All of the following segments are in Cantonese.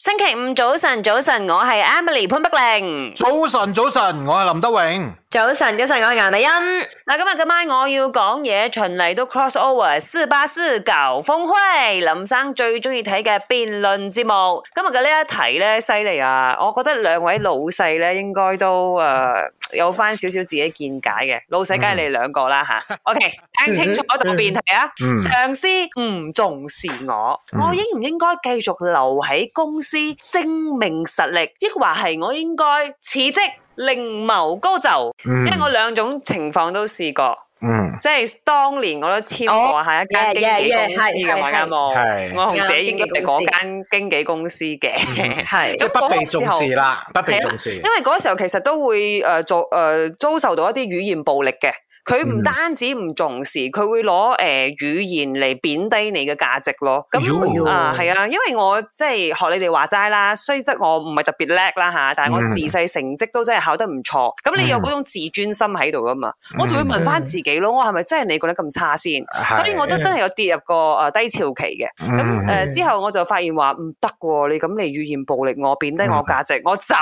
星期五早晨，早晨，我係 Emily 潘北玲。早晨，早晨，我係林德榮。早晨，早晨，我係顏美欣。嗱，今日今晚我要講嘢，循例都 cross over 四八四九峰會，林生最中意睇嘅辯論節目。今日嘅呢一題咧，犀利啊！我覺得兩位老細咧，應該都誒有翻少少自己見解嘅。老細，梗係你兩個啦吓。OK，聽清楚個辯題啊！上司唔重視我，我應唔應該繼續留喺公司證明實力，亦或係我應該辭職？另謀高就，因為我兩種情況都試過，即係當年我都簽過喺一間經紀公司嘅黃家慕，我紅姐應該係嗰間經紀公司嘅，即係不被重視啦，不被重視，因為嗰時候其實都會誒遭誒遭受到一啲語言暴力嘅。佢唔單止唔重視，佢會攞誒、呃、語言嚟貶低你嘅價值咯。咁啊、呃，係、嗯嗯、啊，因為我即係學你哋話齋啦，雖則我唔係特別叻啦吓，但係我自細成績都真係考得唔錯。咁、嗯嗯、你有嗰種自尊心喺度噶嘛？嗯、我就會問翻自己咯，嗯、我係咪真係你覺得咁差先？是所以我都真係有跌入過誒低潮期嘅。咁誒之後我就發現話唔得喎，你咁嚟語言暴力我貶低我價值，我走。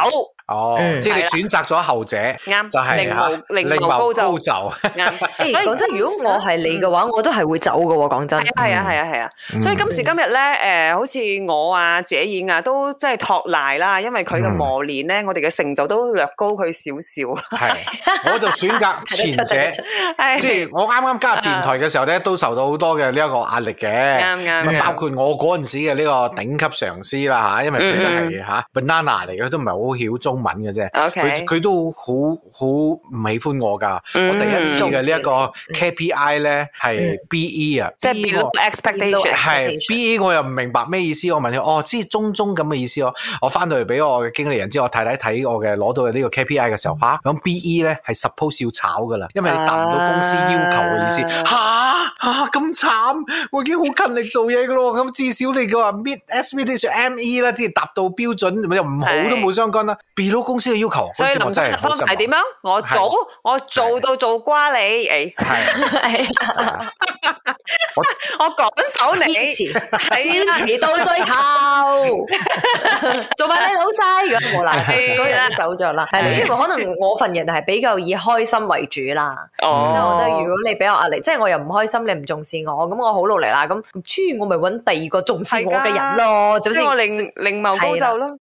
哦，即係你選擇咗後者，啱，就係吓，另謀高就，啱。所以講真，如果我係你嘅話，我都係會走嘅喎。講真，係啊，係啊，係啊。所以今時今日咧，誒，好似我啊，姐演啊，都即係托賴啦，因為佢嘅磨練咧，我哋嘅成就都略高佢少少。係，我就選擇前者，即係我啱啱加入電台嘅時候咧，都受到好多嘅呢一個壓力嘅。啱嘅，包括我嗰陣時嘅呢個頂級上司啦吓，因為佢都係吓 banana 嚟嘅，都唔係好曉中文嘅啫，佢佢 Okay. 都好好唔喜歡我噶。Mm hmm. 我第一次嘅呢一、mm hmm. 個 KPI 咧係 B E 啊，即係 expectation 係 B E，我又唔明白咩意思。我問你哦，即係中中咁嘅意思。我翻到嚟俾我嘅經理人知，我太太睇我嘅攞到嘅呢個 KPI 嘅時候，吓咁、mm hmm. 啊、B E 咧係 suppose 要炒噶啦，因為你達唔到公司要求嘅意思，吓、ah. 啊。啊，咁慘，我已經好勤力做嘢㗎咯，咁至少你嘅話 meet s Me et, Swedish M E 啦，即係達到標準，又唔好都冇相干啦。Below 的公司嘅要求，所以林生方係點樣？我做，的我做到做瓜你，誒。我趕走你，堅持到最後，做埋你老細，無賴啲啦，走咗啦。係因為可能我份人係比較以開心為主啦。哦，我覺得如果你比較壓力，即係我又唔開心，你唔重視我，咁我好努力啦。咁，不如我咪搵第二個重視我嘅人咯，即係我另另謀高就咯。